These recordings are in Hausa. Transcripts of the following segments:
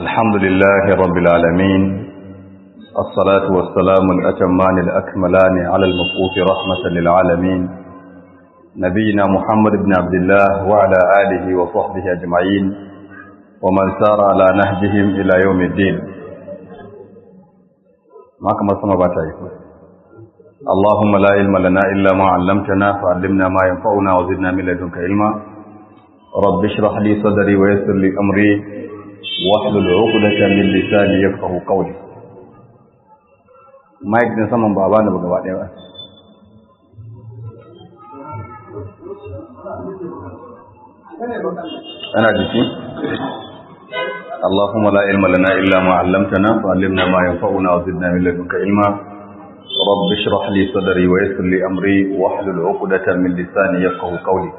الحمد لله رب العالمين الصلاة والسلام الأتمان الأكملان على المبعوث رحمة للعالمين نبينا محمد بن عبد الله وعلى آله وصحبه أجمعين ومن سار على نهجهم إلى يوم الدين ما كما سمعت اللهم لا علم لنا إلا ما علمتنا فعلمنا ما ينفعنا وزدنا من لدنك علما رب اشرح لي صدري ويسر لي أمري واحلل عقدة من لساني يفقه قولي ما يكن سمن بابانا بغبا ديوا أنا جيتي اللهم لا علم لنا إلا ما علمتنا فعلمنا ما ينفعنا وزدنا من لدنك علما رب اشرح لي صدري ويسر لي أمري واحلل عقدة من لساني يفقه قولي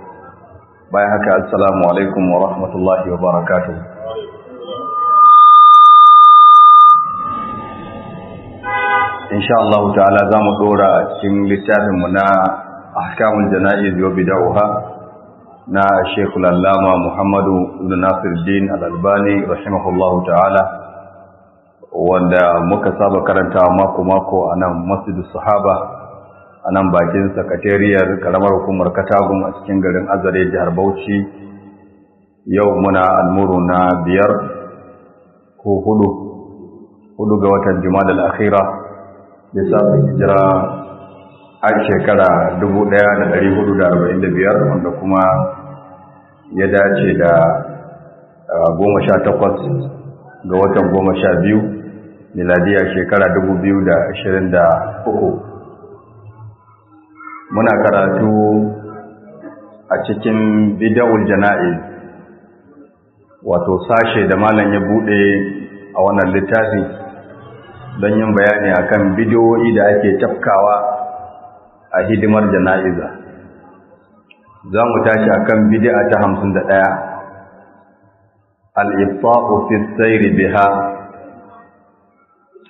بايحك السلام عليكم ورحمة الله وبركاته insha Allah ta'ala za mu dora a cikin mu na ahkamul janayiz wa bid'aha na Sheikh Allama Muhammadu Ibn Nasiruddin Al-Albani rahimahullahu ta'ala wanda muka saba karanta mako mako a nan Masjidus Sahaba a nan bakin sakatariyar karamar hukumar Katagun a cikin garin Azare jihar Bauchi yau muna almuru na biyar ko hudu hudu ga watan da Akhirah samu hijira a shekara 1445 wanda kuma ya dace da goma sha takwas ga watan goma sha biyu miladiya shekara dubu da uku muna karatu a cikin bidawul jana'i wato sashe da malam ya bude a wannan littafi don yin bayani akan bidiyoyi da ake tafkawa a hidimar jana'iza za mu tashi a kan bidi'a ta hamsin da ɗaya al'ifa'u fi sairi biha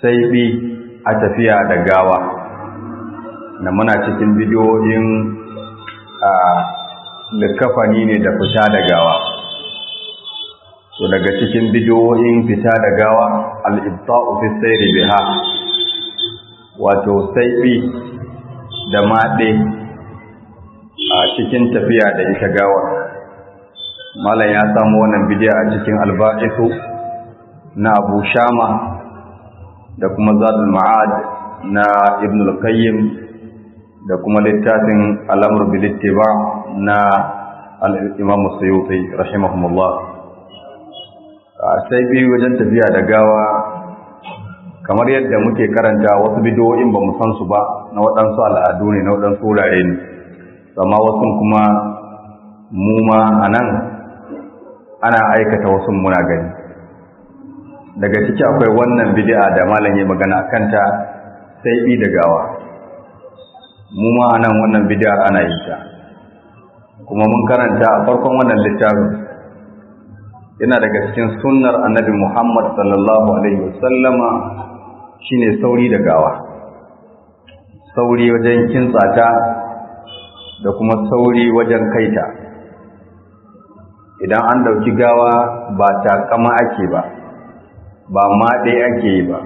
bi a tafiya da gawa na muna cikin bidiyoyin a likafani ne da fita da gawa so daga cikin bidiyoyin fita da gawa al-ibta'u fi sayri biha wato saibi da maɗe a cikin tafiya da ita gawa malam ya samu wannan bidiyo a cikin alba'isu na abu shama da kuma zadul ma'ad na ibn al-qayyim da kuma littafin al'amur bil ittiba na al-imam suyuti rahimahumullah sai biyu wajen tafiya da gawa kamar yadda muke karanta wasu bidoyin ba mu san su ba na waɗansu al'adu ne na waɗansu wurare ne amma wasu kuma mu ma a nan ana aikata wasu muna gani daga ciki akwai wannan bid'a da malam ya magana kanta sai bi da gawa mu ma a nan wannan bid'ar ana yi ta kuma mun karanta a farkon wannan littafin yana daga cikin sunnar annabi Muhammad sallallahu alaihi wasallama shine sauri da gawa sauri wajen kintsata da kuma sauri wajen kaita idan an ɗauki gawa ba takama ake ba ba maɗe ake yi ba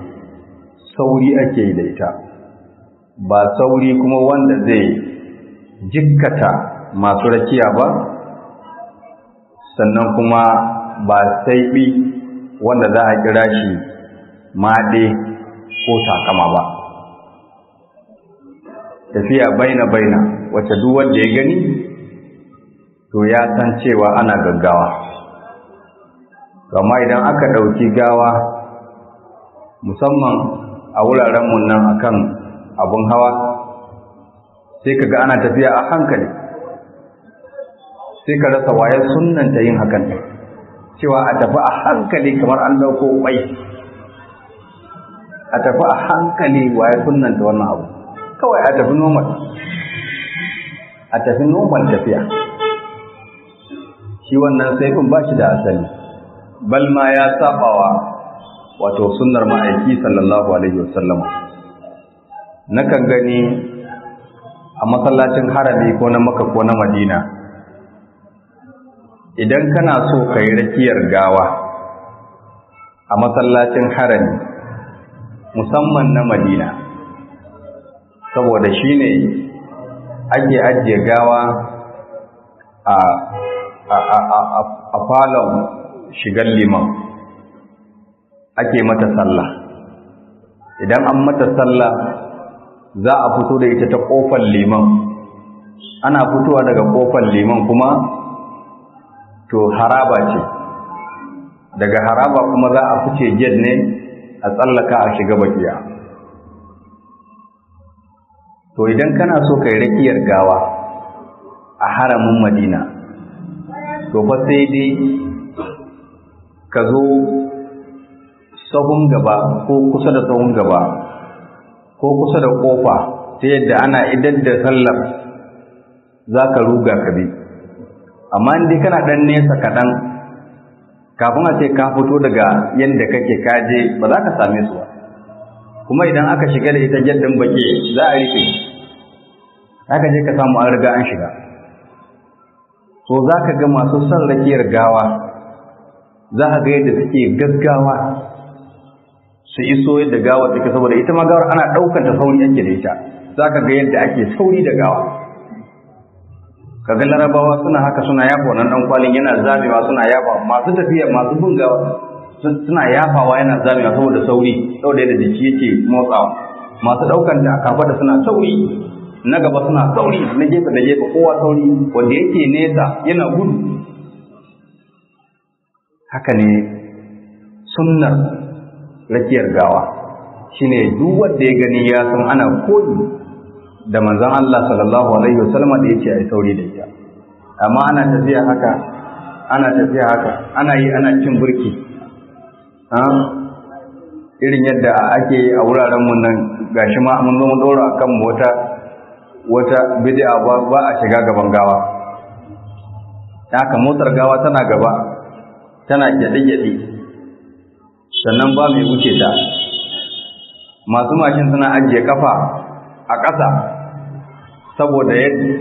sauri ake yi da ita ba sauri kuma wanda zai jikkata masu rakiya ba sannan kuma ba sai bi wanda za a kira shi maɗe ko takama ba tafiya baina-baina wacce duk wanda ya gani to ya san cewa ana gaggawa Gama idan aka ɗauki gawa musamman a wuraren wurarenmu nan kan abin hawa sai ka ga ana tafiya a hankali sai ka rasa wayar sunanta yin hakan cewa a tafi a hankali kamar an dauko mai a tafi a hankali waye da wannan abu kawai a tafi normal a tafi normal tafiya shi wannan sai ba shi da asali bal ma ya sabawa wato sunnar ma'aiki sallallahu alaihi wasallam nakan gani a masallacin harami ko na maka ko na madina idan kana so ka yi rakiyar gawa a masallacin harami musamman na madina saboda shi ne ake ajiye gawa a falon shigar liman ake mata sallah idan an mata sallah za a fito da ita ta ƙofar liman ana fitowa daga ƙofar liman kuma to haraba ce daga haraba kuma za a fice ged ne a tsallaka a shiga bakiya to idan kana so kai rakiyar gawa a haramin madina to fa sai dai ka zo sahun gaba ko kusa da sahun gaba ko kusa da kofa ta yadda ana idan da sallar za ka ruga ka bi amma in dai kana ɗan nesa kaɗan kafin a ce ka fito daga yadda kake kaje ba za ka same su ba kuma idan aka shiga da ita jaddin baƙi za a rufe haka je ka samu an riga an shiga so za ka ga masu son rakiyar gawa za a ga yadda suke gaggawa su iso yadda gawa suke saboda ita ma gawar ana ɗaukar ta sauri yanke da ita za ka ga yadda ake sauri da gawa kaga larabawa suna haka suna yafa wannan dan kwalin yana zamewa suna yafa masu tafiya masu bungawa suna yafawa yana zamewa saboda sauri saboda yadda jiki yake motsawa masu daukan da kafa da suna sauri na gaba suna sauri na gefe da gefe kowa sauri wanda yake nesa yana gudu haka ne sunnar rakiyar gawa shine duk wanda ya gani ya san ana koyi da manzan Allah sallallahu alaihi wasallam da yake ai sauri da ita amma ana tafiya haka ana tafiya haka ana yi ana cin burki irin yadda ake a wuraren mun nan gashi ma mun zo mu dora akan mota wata bid'a ba ba a shiga gaban gawa haka motar gawa tana gaba tana gyaɗe-gyaɗe sannan ba mai wuce ta masu mashin suna ajiye kafa a ƙasa saboda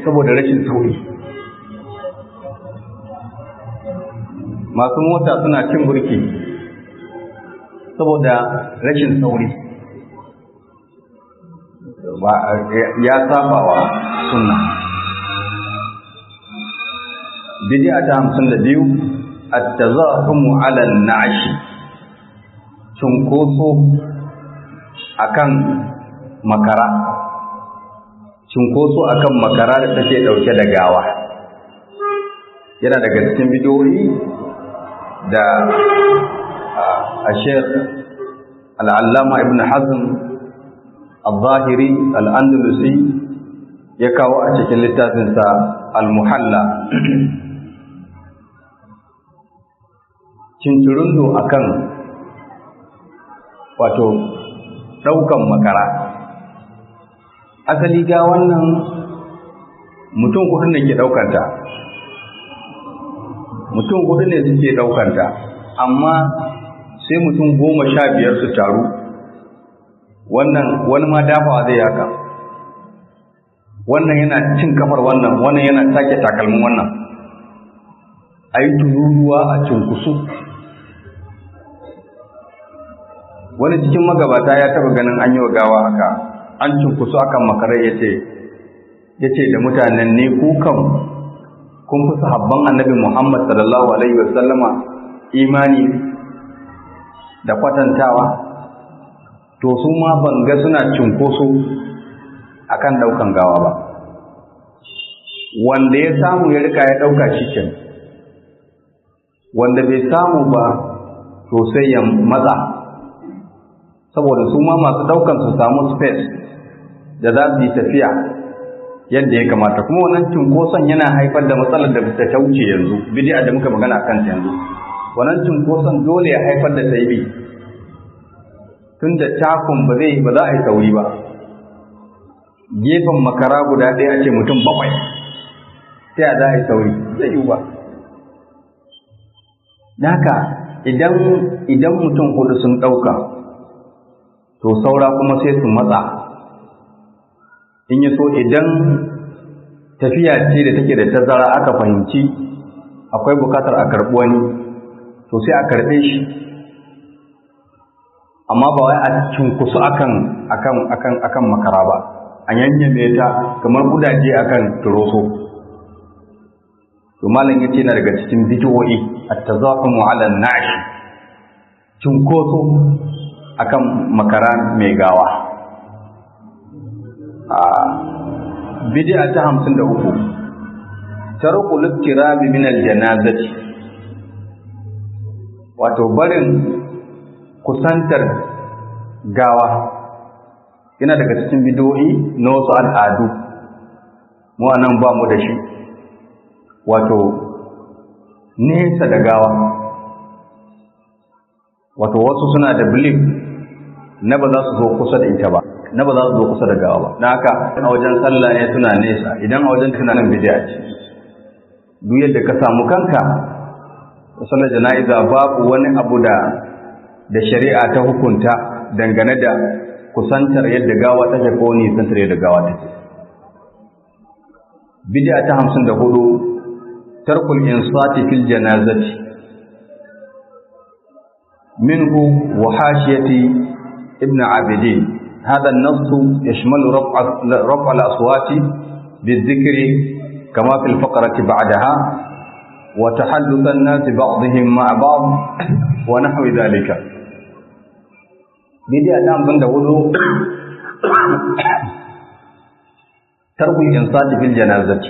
saboda rashin sauri masu mota suna cin burki saboda rashin sauri ya saba wa sunna bid'a ta hamsin da biyu at-tazahumu ala an-na'shi cunkoso akan makara cinkoso akan makara da take ɗauke da gawa yana daga cikin bidiyoyi da a shek al'allama ibn hazm al-zahiri al'andalusi ya kawo a cikin littafinsa al-muhalla a akan wato ɗaukan makara asali ga wannan mutum hudu ne ke ɗaukanta mutum hudu ne suke ɗaukanta amma sai mutum goma sha biyar su taru wannan wani ma dafawa zai haka wannan yana cin kafar wannan wannan yana sake takalmin wannan a yi tururuwa a kusu. wani cikin magabata ya taba ganin an yi wa gawa haka an cunkusu akan makarai ya ce da mutanen ne kukan kun fi sahabban annabi Muhammad sallallahu alaihi wasallama imani da kwatantawa to su ma ban ga suna cunkoso akan daukan gawa ba wanda ya samu ya rika ya dauka cikin wanda bai samu ba to sai ya matsa saboda su ma masu daukan su samu space da za su yi tafiya yadda ya kamata kuma wannan cunkoson yana haifar da matsalar da ta wuce yanzu bid'a da muka magana kan yanzu wannan cunkoson dole ya haifar da taibi tunda takun ba zai ba za a yi sauri ba gefen makara guda ɗaya ce mutum bakwai ta ya za a yi sauri zai yi ba haka idan idan mutum hudu sun ɗauka to saura kuma sai su matsa in yi so idan tafiya ce da take da tazara aka fahimci akwai bukatar a karɓi wani to sai a karɓe shi amma ba wai a cunkusu akan akan akan akan makara ba a yanyame ta kamar kudaje akan turoso to malam yace yana daga cikin bid'o'i at-tazaqumu 'ala an-na'ish cunkoso akan makara mai gawa a bidi'a ta hamsin da uku tarku littirabi min aljanazati wato barin kusantar gawa yana daga cikin bidoyi na wasu al'adu mu anan ba mu da shi wato nesa da gawa wato wasu suna da belief na ba za su zo kusa da ita ba na ba za su zo kusa da gawa ba na haka a wajen sallah ne suna nesa idan a wajen tunanin nan bidiya ce duk yadda ka samu kanka sallar jana'iza babu wani abu da da shari'a ta hukunta dangane da kusantar yadda gawa ta ke ko nisantar yadda gawa ta ke. Bidiya ta hamsin da hudu tarkul insati fil janazati minhu wa hashiyati ibn abidin هذا النص يشمل رفع رفع الأصوات بالذكر كما في الفقرة بعدها وتحدث الناس بعضهم مع بعض ونحو ذلك بدي أدام بند وضوء ترك الإنصات في الجنازة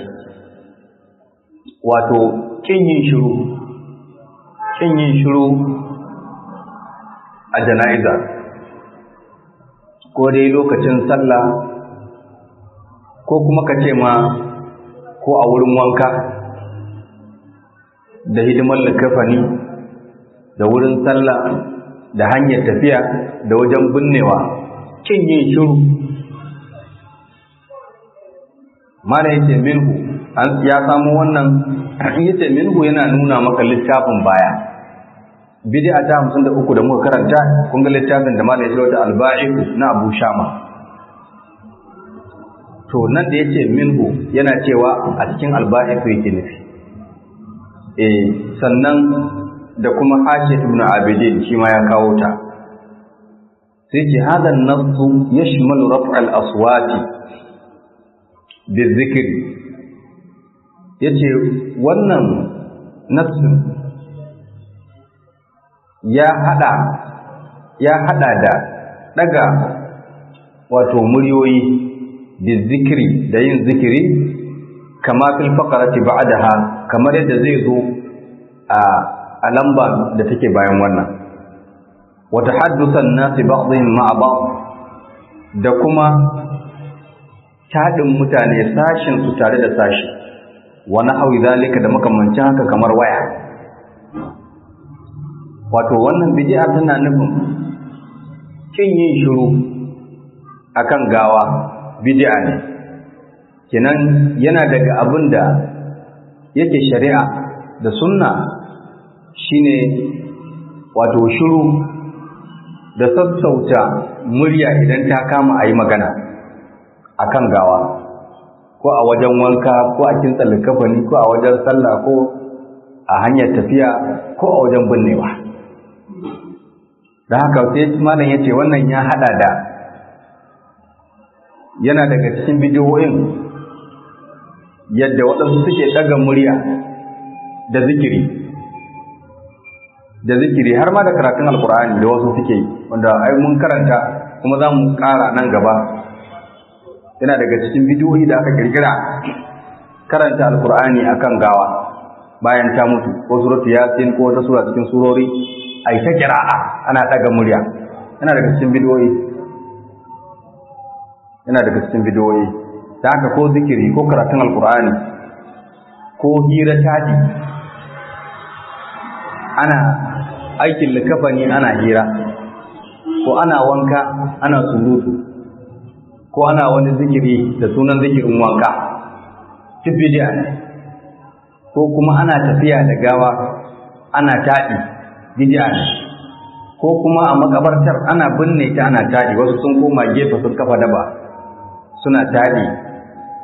واتو كين شروع كين شروع الجنائزة ko dai lokacin sallah ko kuma ka ce ma ko a wurin wanka da hidimar likafani da wurin sallah da hanyar tafiya da wajen binnewa kin yin shiru mana yake minhu ya samu wannan yake minhu yana nuna maka littafin baya bid'a ta hamsin da uku da muka karanta kun ga littafin da malai ya da al na Abu Shama to nan da yace minhu yana cewa a cikin al-ba'iq yake nufi eh sannan da kuma Hashim ibn Abidin shi ma ya kawo ta sai ce hada an yashmalu al-aswati bizikri yace wannan nassin ya haɗa ya hada da ɗaga wato muryoyi da zikiri da yin zikiri kama fil faqarati ba'daha kamar yadda zai zo a a lamba da take bayan wannan wa tahaddusan nasi ba'dhum ma'a ba'd da kuma tadin mutane sashin su tare da sashi wa nahwi zalika da makamancin haka kamar waya wato wannan bidi'a tana nufin kin yin shiru akan gawa bidi'a ne kenan yana daga abin da yake shari'a da sunna shine wato shiru da sassauta murya idan ta kama a yi magana akan gawa ko a wajen wanka ko a kintsa likafani ko a wajen sallah ko a hanyar tafiya ko a wajen binnewa da haka sai malam ya ce wannan ya hada da yana daga cikin bidiyoyin yadda waɗansu suke ɗaga murya da zikiri da zikiri har ma da karatun alkur'ani da wasu suke wanda ai mun karanta kuma za mu ƙara nan gaba yana daga cikin bidiyoyi da aka kirkira karanta alkur'ani akan gawa bayan ta mutu ko suratu yasin ko wata sura cikin surori a yi ta kira'a ana ɗaga murya yana daga cikin bidiyoyi yana daga cikin bidiyoyi ta haka ko zikiri ko karatun alkur'ani ko hira tadi ana aikin likafani ana hira ko ana wanka ana surutu ko ana wani zikiri da sunan zikirin wanka duk ko kuma ana tafiya da gawa ana taɗi bid'a ko kuma a makabartar ana binne ta ana tadi wasu sun koma gefe sun kafa daba suna tadi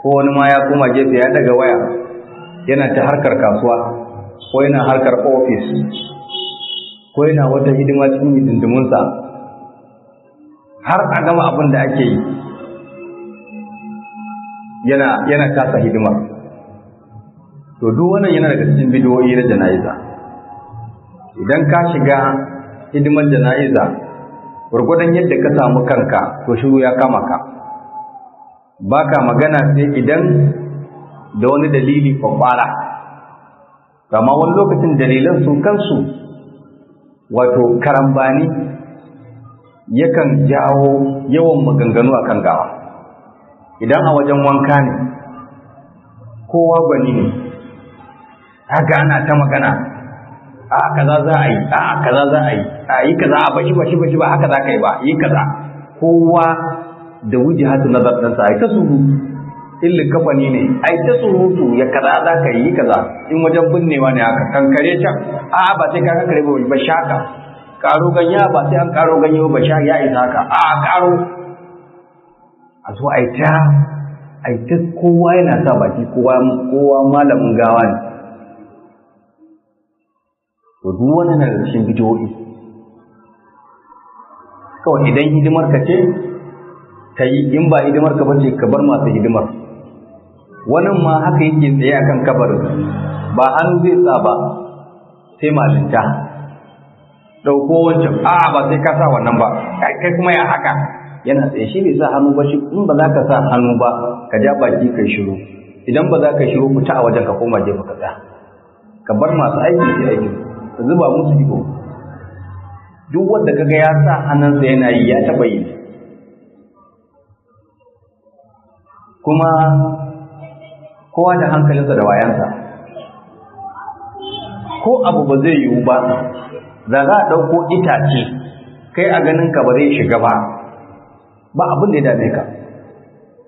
ko wani ma ya koma gefe ya daga waya yana ta harkar kasuwa ko yana harkar ofis ko yana wata hidima cikin hidindimunsa har a gama abin da ake yi yana yana kasa hidimar to duk wannan yana daga cikin bidiyoyi na jana'iza idan ka shiga hidimar jana'iza gwargwadon yadda ka samu kanka to shiru ya kama ka ba ka magana sai idan da wani dalili kwakwara amma wani lokacin dalilan su kansu wato karambani yakan jawo yawan maganganu a kan gawa idan a wajen wanka ne kowa gwani ne haka ana ta magana a kaza za a yi a kaza za a yi a yi kaza a bashi bashi bashi ba haka za ka yi ba yi kaza kowa da hatu na zartansa ai ta suru illin kafani ne ai ta surutu ya kaza za ka yi kaza in wajen binnewa ne haka kankare can a ba sai ka kankare ba ba shaka karo ganya ba sai an karo ganye ba sha ya isa haka a karo a zo ai ta ai ta kowa yana sa baki kowa kowa malamin gawa ne to duk wannan na da cikin bidiyoyi kawai idan hidimar ka ce ka yi in ba hidimar ka bace ka bar masu hidimar wannan ma haka yake tsaye akan kabarin ba hannu zai sa ba sai malinta dauko wancan a ba sai ka sa wannan ba kai kuma ya haka yana tsaye shi bai sa hannu ba shi in ba za ka sa hannu ba ka ja baki kai shiru idan ba za ka shiru fita a wajen ka koma gefe ka tsaya ka bar masu aiki sai aikin ka zuba musu ido duk wanda kaga ya sa hannunsa yana yi ya taɓa yi kuma kowa da hankalinsa da wayansa ko abu ba zai yiwu ba za za a ɗauko itace kai a ganin ka ba zai shiga ba ba abin da ya dame ka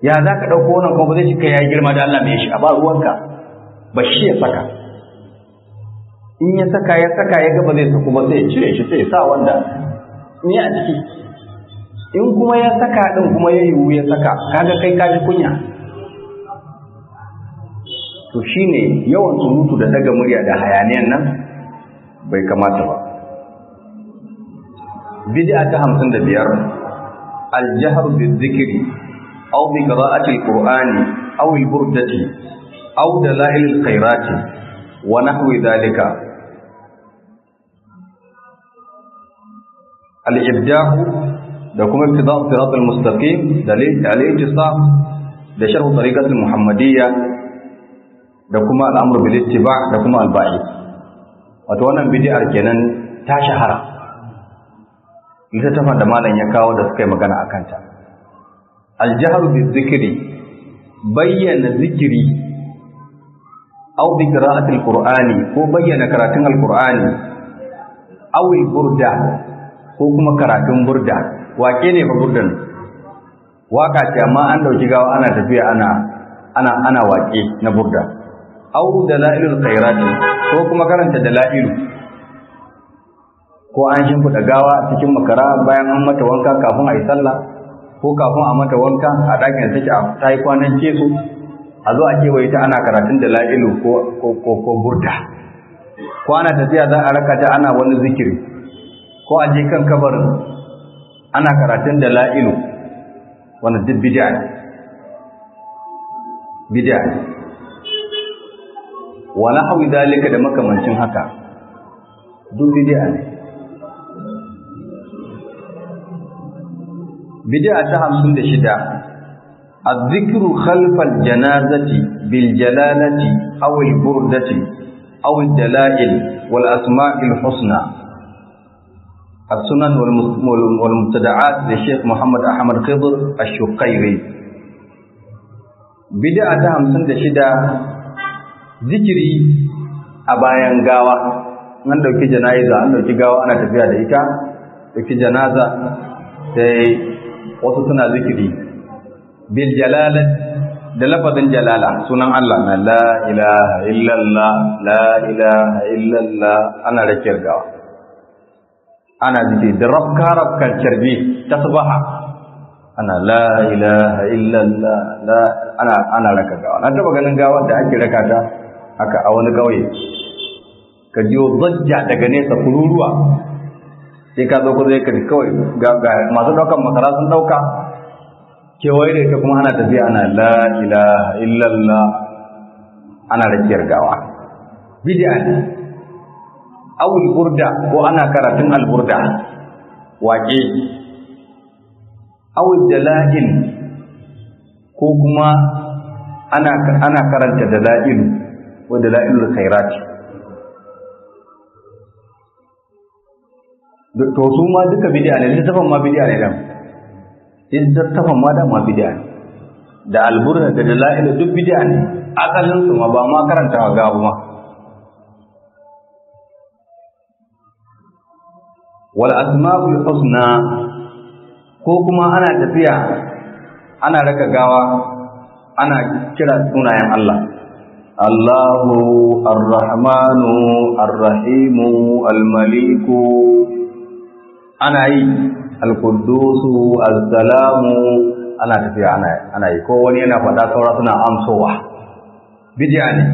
ya za ka ɗauko wannan kuma ba zai shiga ya girma da Allah mai shi a ba ruwanka ba shi ya saka in ya saka ya saka ya gaba zai kuma ba sai cire shi sai ya sa wanda ni a ciki in kuma ya saka din kuma ya yiwu ya saka kaga kai ka ji kunya to shine yawan surutu da daga murya da hayaniyan nan bai kamata ba bid'a ta Hamsin al Biyar, bi-dhikri aw bi qira'ati al-qur'ani aw al-burdati aw dala'il al-khairati wa nahwi dhalika al Ibda, da kuma ibtida'u sirat al-mustaqim da al-intisab da sharh tariqat al-muhammadiyya da kuma al-amr bil ittiba' da kuma al Wata wato wannan bid'ar kenan ta shahara littattafan da malam ya kawo da suka yi magana akan ta al-jahru bayyana zikiri aw bi qira'ati al-qur'ani ko bayyana karatun al-qur'ani aw al-burda ko kuma karatun burda wake ne fa burdan waka ce amma an dauki gawa ana tafiya ana ana ana wake na burda au dalailul khairat ko kuma karanta dalailu ko an shimfiɗa gawa cikin makara bayan an mata wanka kafin ayi sallah ko kafin a mata wanka a ɗakin take a ta yi kwanan kesu a zo a kewaye ta ana karatun dalailu ko ko ko burda kwana tafiya za a raka ta ana wani zikiri ko a je kan kabarin ana karatun da la'ilu wanda duk bid'a ne bid'a ne wa nahwi dalika da makamancin haka duk bid'a ne bid'a ta hamsin da 56 الذكر خلف الجنازة بالجلالة أو البردة أو الدلائل والأسماء الحسنى السنن والمبتدعات للشيخ محمد أحمد خضر الشقيري بدعة همسن شدة ذكري أبايان غاوة an ɗauki jana'iza an ɗauki gawa ana tafiya da ita ɗauki janaza sai wasu suna zikiri bil jalala da lafazin jalala sunan Allah na la ilaha illallah la ilaha illallah ana rakiyar gawa ana zikiri da rafka rafkar carbi ta subaha ana la ilaha illallah la ana raka gawa na taba ganin gawa da ake raka ta haka a wani kawai ka jiyo zajja daga nesa kururuwa sai ka zo kuzo ka kawai ga masu daukan masara sun dauka kewaye da ita kuma ana tafiya ana la ilaha illallah ana rakiyar gawa bid'a ne awul burda ko ana karatun alburda waƙe awul dala'il ko kuma ana ana karanta dala'il ko dala'il khairat to su ma duka bid'a ne littafin ma bid'a ne dan littafin ma da ma bid'a ne da alburda da dala'il duk bid'a ne asalin su ma ba ma karanta ga ba wal asma'ul husna ko kuma ana tafiya ana raka gawa ana kira sunayen Allah Allahu Ar-Rahmanu Ar-Rahimu Al-Maliku ana yi Al-Quddusu Al-Salamu ana tafiya ana ana yi ko wani yana faɗa saura suna amsowa bid'a ne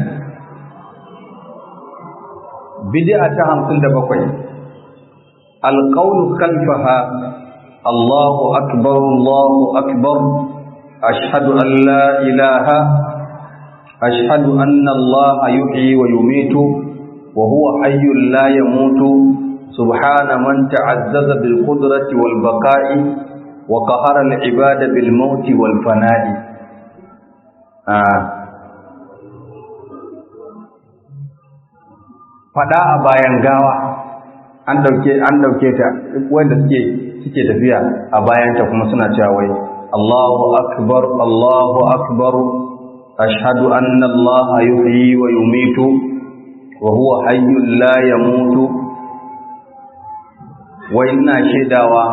bid'a ta 57 القول خلفها الله أكبر الله أكبر أشهد أن لا إله أشهد أن الله يحيي ويميت وهو حي لا يموت سبحان من تعزز بالقدرة والبقاء وقهر العباد بالموت والفناء آه. فدا أبا ينقاوه an dauke an dauke ta wanda suke suke tafiya a bayanta kuma suna cewa wai Allahu akbar Allahu akbar ashhadu anna Allah yuhyi wa yumitu wa huwa hayyul la yamutu wai ina shaidawa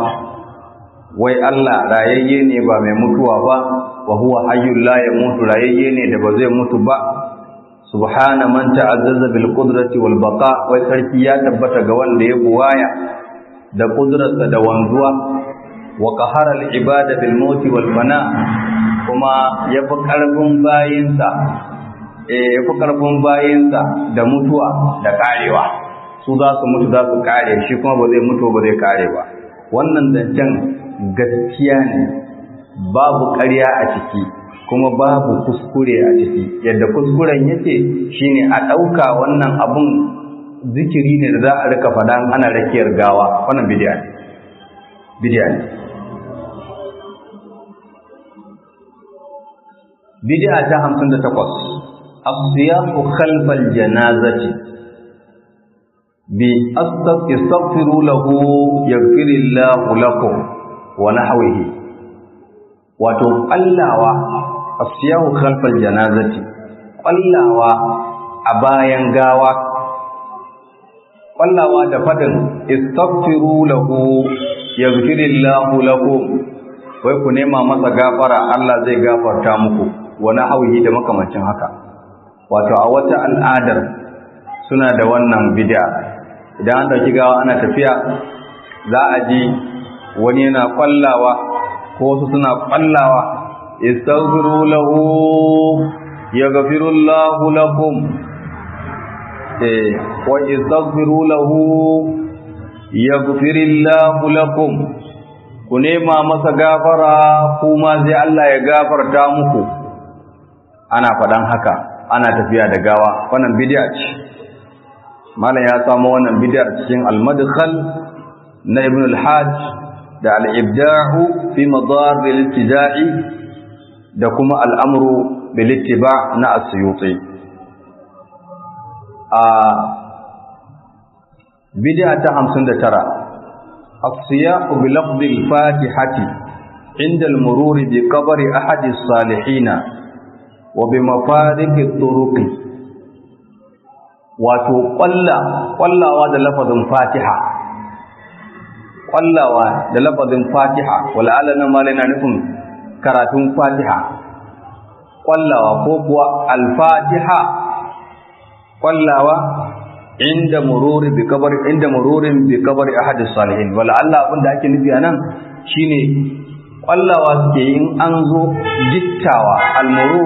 wai Allah rayayye ne ba mai mutuwa ba wa huwa hayyul la yamutu rayayye ne da ba zai mutu ba subhana man ta'azzaza bil qudrati wal baqa wai sarki ya tabbata ga wanda ya buwaya da kudurarsa da wanzuwa wa qahara al ibada bil mauti wal fana kuma ya fi karfin bayinsa eh, ya fi karfin bayinsa da mutuwa da karewa su za su mutu za su kare shi kuma ba zai mutu ba zai kare ba wannan zancen gaskiya ne babu ƙarya a ciki kuma babu kuskure a ciki yadda kuskuren yake shine a ɗauka wannan abun zikiri ne da za a rika faɗan ana rakiyar gawa wannan bidiya ne bidiya ne bidiya ta hamsin da takwas asiyafu khalfal janazati bi astaghfiru lahu lahu lakum wa nahwihi wato allawa asiyahu khalfal janazati kwallawa a bayan gawa kwallawa da fadin istaghfiru lahu yaghfirillahu lakum wai ku nema masa gafara Allah zai gafarta muku wani hauyi da makamancin haka wato a wata al'adar suna da wannan bid'a idan an dauki gawa ana tafiya za a ji wani yana kwallawa ko wasu suna kwallawa استغفروا له يغفر الله لكم واستغفروا له يغفر الله لكم masa gafara kuma zai Allah ya gafarta muku ana faɗan haka ana tafiya da gawa wannan bid'a ce malam ya samu wannan bid'a cikin al-madkhal na ibn al-hajj da al-ibda'u fi madar al-ibtida'i da kuma al'amuru bilittiba na asiyuti a bidiya ta hamsin da tara asiya bilafdil fatihati inda almururi bi kabari ahadis salihina wa bi mafarikin turuki wato kwallawa da lafazin fatiha kwallawa da lafazin fatiha wal'ala na malina nufin karatun fatiha ƙwallawa ko kuwa alfatiha ƙwallawa inda mururi bi kabari inda mururin bi kabari ahadis salihin wala Allah abinda ake nufi anan shine ƙwallawa suke in an zo gittawa almuru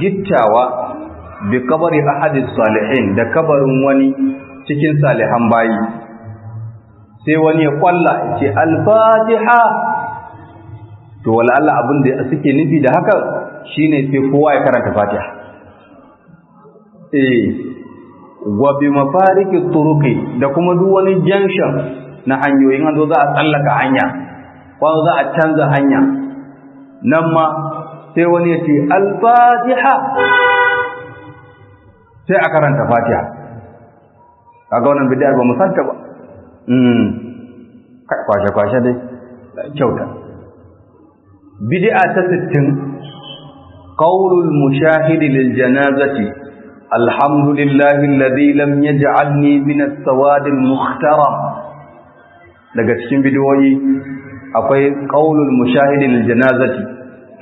gittawa bi kabari ahadis salihin da kabarin wani cikin salihan bayi sai wani ya kwalla ce alfatiha to wala Allah abin da suke nufi da haka shine sai kowa ya karanta Fatiha eh wa bi mafariki turuqi da kuma duk wani jansha na hanyoyin an zo za a tsallaka hanya ko za a canza hanya nan ma sai wani ya ce al-Fatiha sai a karanta Fatiha kaga wannan bid'ar ba mu ba hmm. kwashe kwashe dai kyauta bid'a ta 60 qaulul mushahidi lil janazati alhamdulillahi alladhi lam yaj'alni min as-sawad al daga cikin bid'o'i akwai qaulul mushahidi lil janazati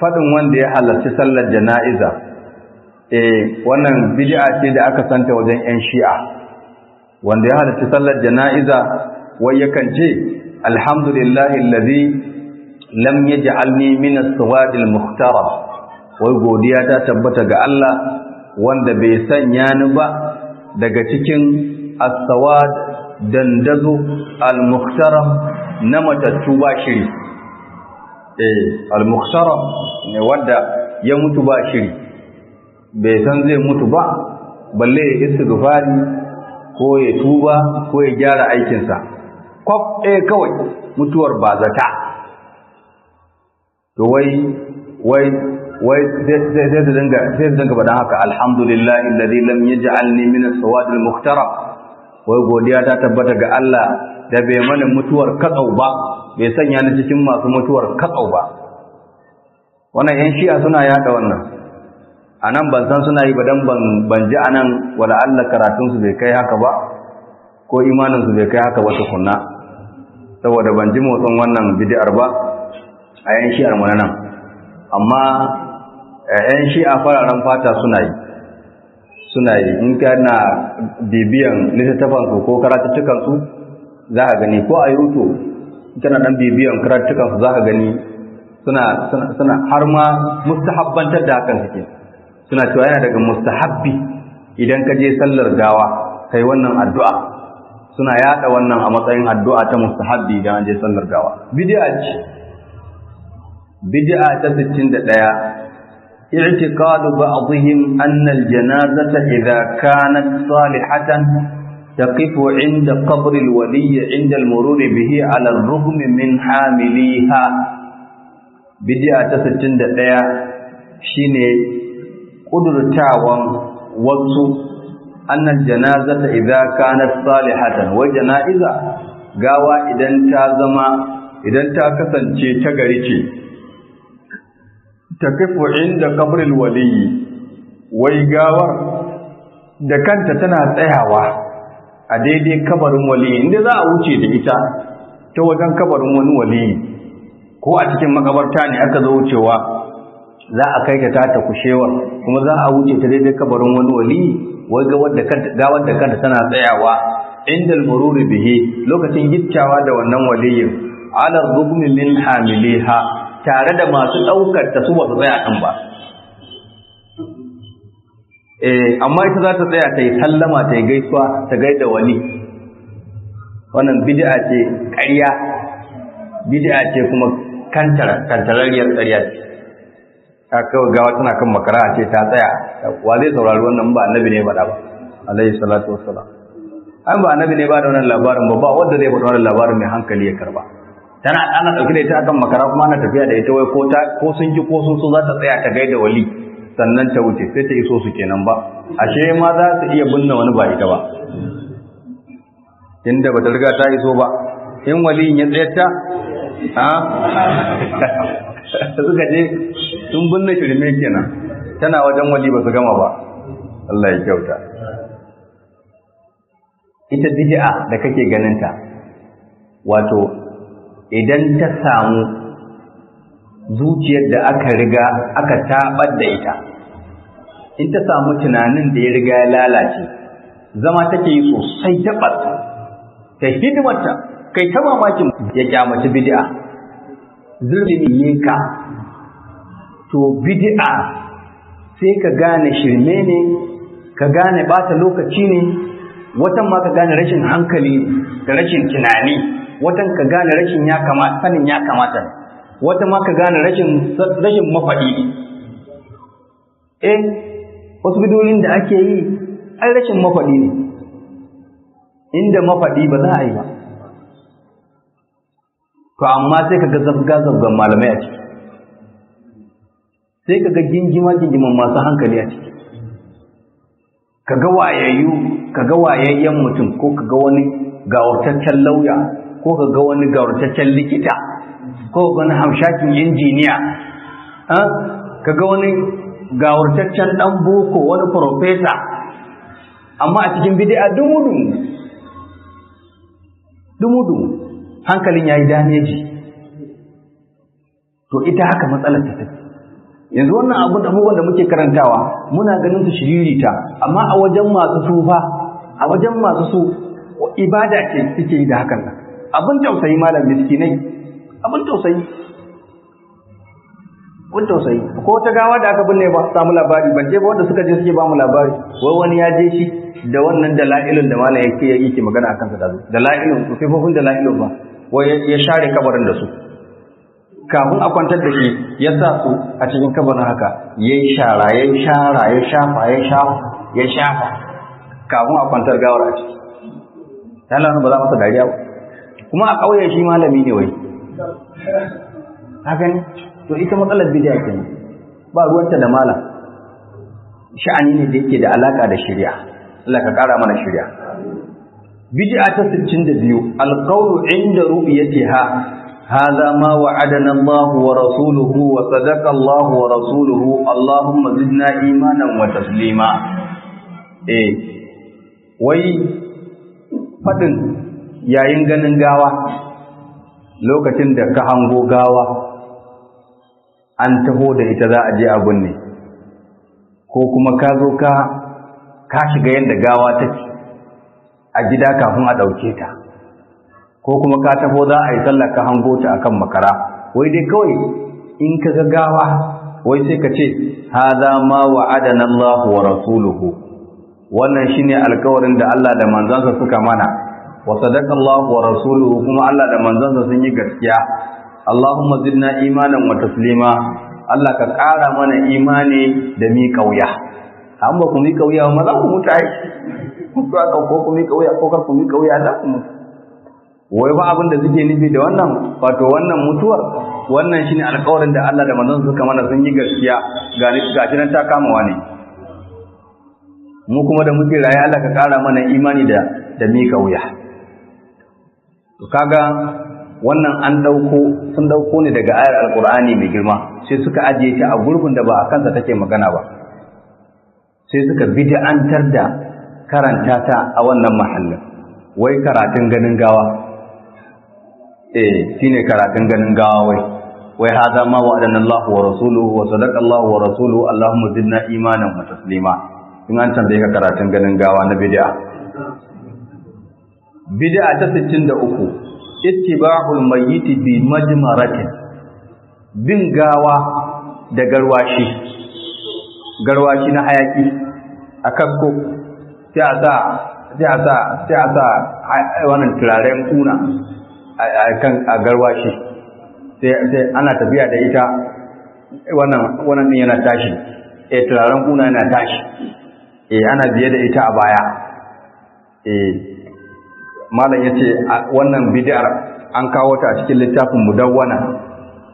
fadin wanda ya halarci sallar jana'iza eh wannan bid'a ce da aka santa wajen yan shi'a wanda ya halarci sallar jana'iza wai yakan ce alhamdulillahi alladhi lam yaj'alni min as-sawadil muhtara wai godiya ta tabbata ga Allah wanda bai sanya ni ba daga cikin as suwad dandazo al-muhtara na matattu ba shiri eh al-muhtara ne wanda ya mutu ba shiri bai san zai mutu ba balle ya istighfari ko ya tuba ko ya gyara aikinsa kwaf ɗaya kawai mutuwar ba zata to wai wai wai sai su dinga sai su dinga faɗan haka alhamdulillah alladhi lam yaj'alni min as al muhtara wai godiya ta tabbata ga Allah da bai mana mutuwar katsau ba bai sanya ni cikin masu mutuwar katsau ba wannan yan shi'a suna yada wannan a ban san suna yi ba dan ban ji a nan wala Allah karatunsu bai kai haka ba ko imaninsu bai kai haka ba tukunna saboda ban ji motsin wannan bid'ar ba a yan shi'ar mu nan amma eh, yan shi'a fararen fata suna yi suna yi in kana bibiyan littattafan ko karatuttukan za ka gani ko a yuto kana dan bibiyan karatuttukan za ka gani suna suna har ma mustahabbantar da hakan suke suna cewa yana daga mustahabbi idan ka je sallar gawa kai wannan addu'a suna yada wannan a matsayin addu'a ta mustahabbi idan an je sallar gawa bid'a ce bid'a ta 61 i'tiqadu ba'dihim anna al-janazata idha kanat salihatan تقف عند قبر الولي عند المرور به على الرغم من حامليها bid'a ta 61 shine kudurtawan wasu annal janazata idza kanat salihatan wa janaiza gawa idan ta idan ta kasance ta gari ce taqifu inda qabril waliyi wai gawar da kanta tana tsayawa a daidai kabarin waliyi inda za a wuce da ita ta wajen kabarin wani waliyi ko a cikin makabarta ne aka zo wucewa za a kai ta ta kushewar kuma za a wuce ta daidai kabarin wani waliyi wai gawar da kanta tana tsayawa inda al-mururi lokacin gittawa da wannan waliyin ala rubni lil hamiliha tare da masu ɗaukar ta su ba su tsaya kan ba eh, amma ita za ta tsaya ta yi sallama ta yi gaisuwa ta gaida wani wannan bid'a ce ƙarya bid'a ce kuma kantar, kantarariyar ƙarya ce kawai gawa tana kan makara ce ta tsaya wa zai saurari wannan ba annabi ne faɗa ba alaihi salatu sala. an ba annabi ne ba da wannan labarin ba ba wanda zai faɗa wannan labarin mai hankali ya karba tana ana dauke da ita akan makara kuma ana tafiya da ita wai ko ta ko sun ji ko sun so za ta tsaya ta gaida wali sannan ta wuce sai ta iso su kenan ba ashe ma za su iya binne wani ba ita ba inda ba ta riga ta iso ba in waliyin ya tsayar ta a suka je sun binne shirme kenan tana wajen wali ba su gama ba Allah ya kyauta ita bid'a da kake ganinta wato idan ta samu zuciyar da aka riga aka taɓar da ita in ta samu tunanin da ya riga ya lalace zama take yi sosai taɓar ta hidimarta kai ta mamakin ya kyamata bid'a zurbin ne ka to bidi'a sai ka gane shirme ne ka gane ɓata lokaci ne watan ma ka gane rashin hankali da rashin tunani watan ka gane rashin ya kamata sanin ya kamata wata ma ka gane rashin rashin mafaɗi ne eh wasu bidiyoyin da ake yi ai rashin mafaɗi ne inda mafaɗi ba za a yi ba to amma sai ka ga zabga zabgan malamai a ciki sai ka ga gingima gingiman masu hankali a ciki ka ga wayayyu ka ga wayayyen mutum ko ka ga wani gawataccen lauya ko ka ga wani gauratacen likita ko wani hamshakin injiniya ka ga wani gauratacen dan boko wani profesa amma a cikin bid'a dumudu dumudu hankalin yayi daneji to ita haka matsalar ta take yanzu wannan abun abubuwan da muke karantawa muna ganin su shiririta amma a wajen masu tufa a wajen masu su ibada ce suke yi da hakan nan abin tausayi malam miskinai abin tausayi abin tausayi ko ta gawa da aka binne ba samu labari ban je ba wanda suka je suke ba mu labari wai wani ya je shi da wannan dalailun da malam yake yake magana akan sa da dalailun sifofin dalailun ba wai ya share kabarin da su kafin a kwantar da shi ya sa su a cikin kabarin haka ya yi shara ya yi shara ya shafa ya shafa ya shafa kafin a kwantar gawar a ciki. Allah ba za masa dariya ba. kuma a ƙauye shi malami ne wai Haka ne? to ita matsalar bid'a kenan ba ruwanta da malam sha'ani ne da yake da alaƙa da shari'a Allah ka ƙara mana shari'a bid'a ta 62 alqawlu inda ru'yatiha هذا ما وعدنا الله ورسوله وصدق الله ورسوله اللهم زدنا إيمانا وتسليما إيه وي فتن yayin ganin gawa lokacin da ka hango gawa an taho da ita za a je a binne ko kuma ka zo ka ka shiga yadda gawa take a gida kafin a ɗauke ta ko kuma ka taho za a yi sallah ka hango ta akan makara wai dai kawai in ka ga gawa wai sai ka ce hadha ma wa'adana Allah wa rasuluhu wannan shine alkawarin da Allah da manzansa suka mana wa sadaka Allah wa rasuluhu kuma Allah da manzansa sun yi gaskiya Allahumma zidna imanan wa taslima Allah ka ƙara mana imani da mi kauya an ba ku mi kauya ma za ku mutu ai ku ka ko ku mi kauya ko kar ku mi kauya da ku wai ba abin da suke nufi da wannan wato wannan mutuwar wannan shine alƙawarin da Allah da manzon suka mana sun yi gaskiya ga ga nan ta kama wani mu kuma da muke raye Allah ka ƙara mana imani da da mi kauya to kaga wannan an dauko sun dauko ne daga ayar alqur'ani mai girma sai suka ajiye shi a gurbin da ba a kansa take magana ba sai suka bid'antar da karanta ta a wannan mahallin wai karatun ganin gawa eh shine karatun ganin gawa wai wai hada ma wa'adana Allah wa rasuluhu wa sadaqa Allah wa rasuluhu Allahumma zidna imanan wa taslima in an tambaye ka karatun ganin gawa na bid'a bid'a ta 63 ittiba'ul mayyit bi majmaratin bin gawa da garwashi garwashi na hayaki a ko sai a sai a sa sai wannan turaren kuna a kan a garwashi sai ana tafiya da ita wannan wannan din yana tashi eh turaren kuna yana tashi eh ana biye da ita a baya eh malam yace wannan bid'ar an kawo ta a cikin littafin mudawwana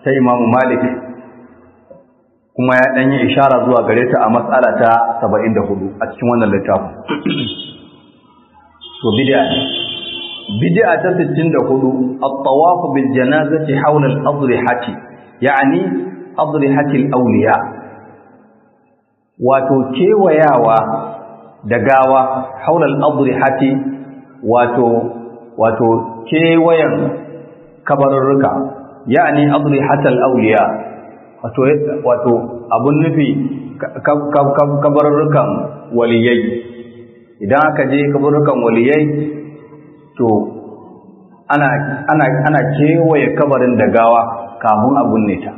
ta Imam Malik kuma ya dan yi ishara zuwa gare ta a matsala ta 74 a cikin wannan littafin to bid'a bid'a ta 64 at-tawaf bil janazati hawla al-adrihati yani adrihati al-awliya wato kewayawa da gawa hawla al-adrihati wato wato wayan kabarurruka yani adrihatal awliya wato wato abun nufi kabarurrukan waliyai idan aka je kabarurrukan waliyai to ana ana ana waye kabarin da gawa kafin a binne ta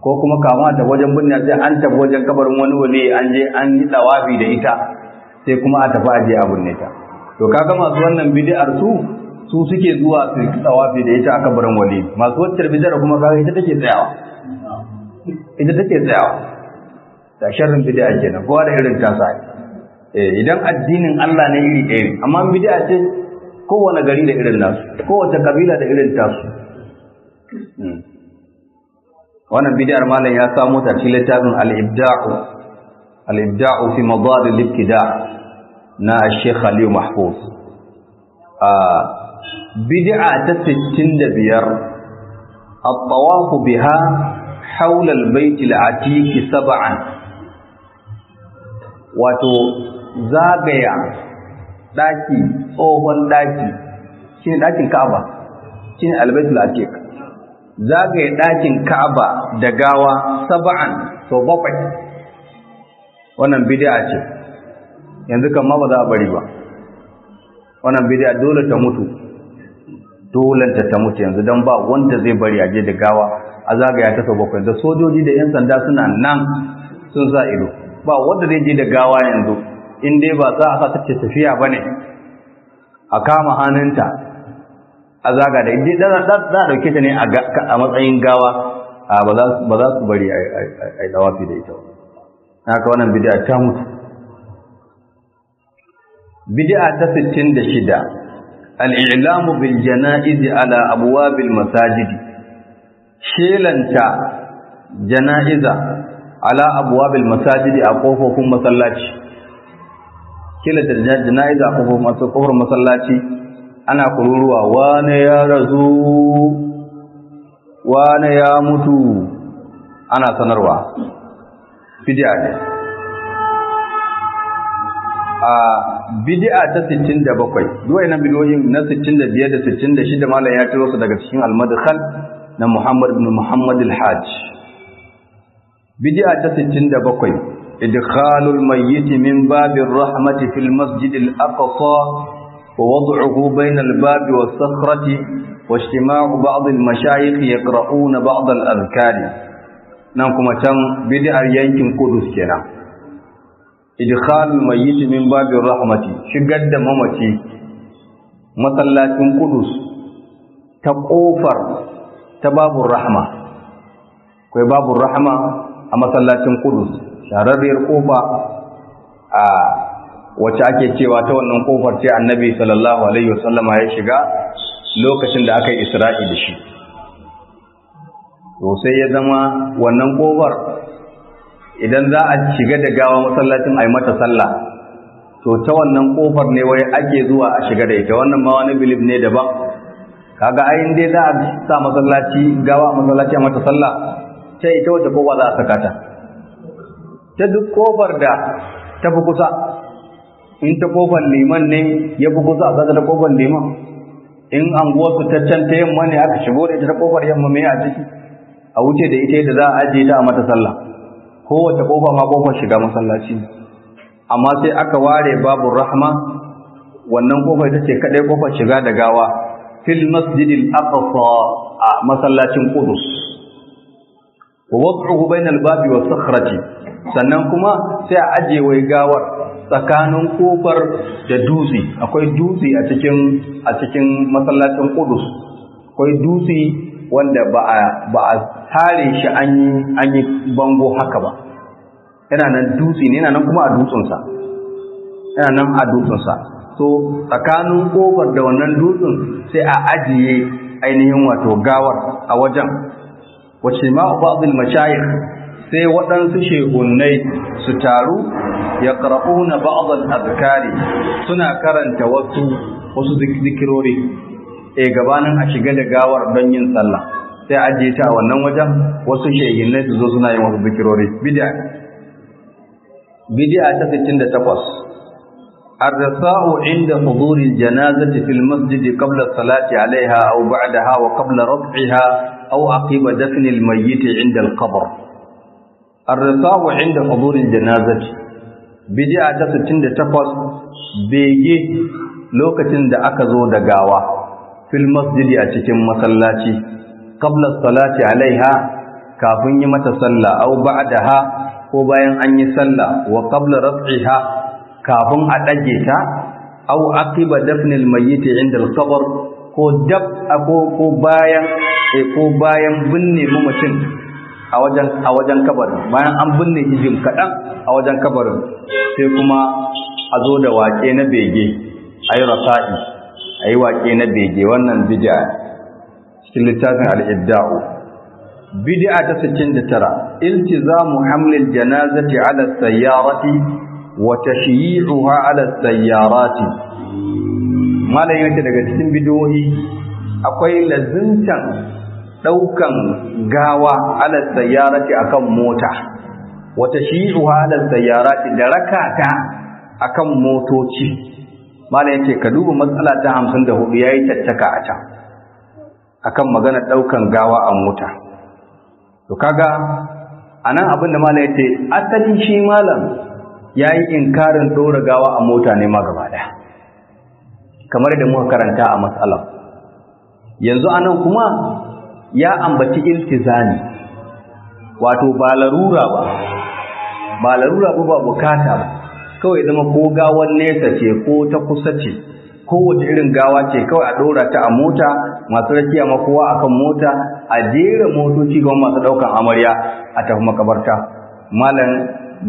ko kuma kafin a tafi wajen binne sai an tafi wajen kabarin wani wali an je an yi dawafi da ita sai kuma a tafi a je a binne ta to kaga masu wannan bid'ar su su suke zuwa su tsawafi da ita aka barin wali masu waccar bid'ar kuma kaga ita take tsayawa ita take tsayawa da sharrin bid'a kenan kowa da irin tasa eh idan addinin Allah ne iri ɗaya amma bid'a ce kowane gari da irin nasu kowace kabila da irin tasu hmm. wannan bid'ar malam ya samu ta cikin littafin al-ibda'u al-ibda'u fi madad al-ibtida' na Sheikh Aliyu Mahfuz a bid'a ta 65 الطواف بها حول البيت العتيق سبعا wato zagaya daki tsohon daki shine dakin Ka'aba shine al al Atiq zagaya dakin Ka'aba da gawa sab'an to bakwai wannan bid'a ce yanzu kan ba za a bari ba wannan bid'a dole ta mutu dole ta ta mutu yanzu don ba wanda zai bari aje da gawa a zagaya ta sau bakwai da sojoji da yan sanda suna nan sun sa ido ba wanda zai je da gawa yanzu in dai ba za a sa tafiya ba ne. a kama hannunta a zaga da idan za a dauke ta ne a matsayin gawa ba za su bari a yi dawafi da ita haka wannan bid'a ta mutu bid'a ta 66 al-i'lamu bil jana'iz ala al masajid shelanta jana'iza ala al masajid a kofofin masallaci shelanta jana'iza a kofofin masallaci ana kururuwa wane ya razu wane ya mutu ana sanarwa bid'a ne a bid'a ta 67 duwai na bidoyin na 65 da 66 malam ya tiro su daga cikin al-madkhal na Muhammad ibn Muhammad al-Hajj bid'a ta 67 idkhalul mayyit min babir rahmati fil masjid al-aqsa wa wad'uhu bayna al-bab wa as-sakhrati wa ijtima'u ba'd al-mashayikh yaqra'una ba'd al-adhkari nan kuma can bid'ar yankin Qudus kenan idkhal mayyit min babir rahmati shigar da mamaci masallacin kudus ta kofar ta babur rahma akwai babur rahma a masallacin kudus shararriyar kofa a wacce ake cewa ta wannan kofar ce annabi sallallahu alaihi wasallama ya shiga lokacin da aka yi isra'i da shi to sai ya zama wannan kofar idan za a shiga da gawa masallacin a yi mata sallah to ta wannan kofar ne wai ake zuwa a shiga da ita wannan ma wani bilib ne daban kaga ayin dai za a sa masallaci gawa masallaci a mata sallah ta ita wata kowa za a saka ta ta duk kofar da ta fi kusa in ta kofar liman ne ya fi kusa a saka ta kofar liman in anguwar su ta can ta yamma ne aka shigo da ita ta kofar yamma mai a ciki a wuce da ita da za a ajiye ta a mata sallah kowace ƙofa ma kofar shiga masallaci amma sai aka ware babu rahma wannan ƙofar ita ce kaɗai kofar shiga da gawa fil masjidil aqsa a masallacin qudus wa wad'uhu bayna al-babi wa sakhrati sannan kuma sai a aje wai gawar tsakanin kofar da dutse akwai dutse a cikin a cikin masallacin qudus akwai dutse wanda ba a tare shi an yi bango haka ba yana nan dutse ne yana nan kuma a dutsunsa. yana nan a dutsunsa. so tsakanin kofar da wannan dutsun, sai a ajiye ainihin wato gawar a wajen wace ma ba'dul mashayikh sai waɗansu shehunnai su taru ya qara'una na al-azkari suna karanta wasu wasu zikirori eh gabanin a shiga da gawar don yin sallah sai ajiye ta a wannan wajen wasu shehinnai su zo suna yin wasu bikirori bidiya bidiya ta 68 الرثاء عند حضور الجنازة في المسجد قبل الصلاة عليها أو بعدها وقبل رفعها أو عقب دفن الميت عند القبر الرثاء عند حضور الجنازة بدعة 68 بيجي lokacin da aka zo da gawa fil masjidi a cikin masallaci qabla salati alaiha kafin yi mata sallah aw ba'daha ko bayan an yi sallah wa qabla raf'iha kafin a dage ta aw aqiba dafnil mayyit inda al-qabr ko dab ko bayan eh, ko bayan binne mutum a wajen a wajen kabarin bayan an binne jin kaɗan a wajen kabarin sai kuma a zo da wake na bege ayi rasa'i a yi waƙe na bege wannan bid'a cikin littafin al'idda'u Bidi'a ta sittin da tara iltizamu hamlil janazati ala sayyarati wa tashyi'uha ala sayyarati malai yake daga cikin bidiyoyi akwai lazintan ɗaukan gawa ala sayyarati akan mota wa tashyi'uha ala sayyarati da rakata akan motoci mala yace ka duba matsala ta hamsin da hudu yayi tattaka a can akan magana daukan gawa a mota to kaga anan abin da mala yace asali shi malam yayi inkarin dora gawa a mota ne ma gaba daya kamar da muka karanta a matsalar yanzu anan kuma ya ambaci iltizami wato ba larura ba ba larura ba ba bukata ba kawai zama ko gawar nesa ce ko ta kusa ce ko kowace irin gawa ce kawai a ɗora ta a mota masu rakiya makowa kan mota a jera motoci ga masu ɗaukan amarya a tafi makabarta malam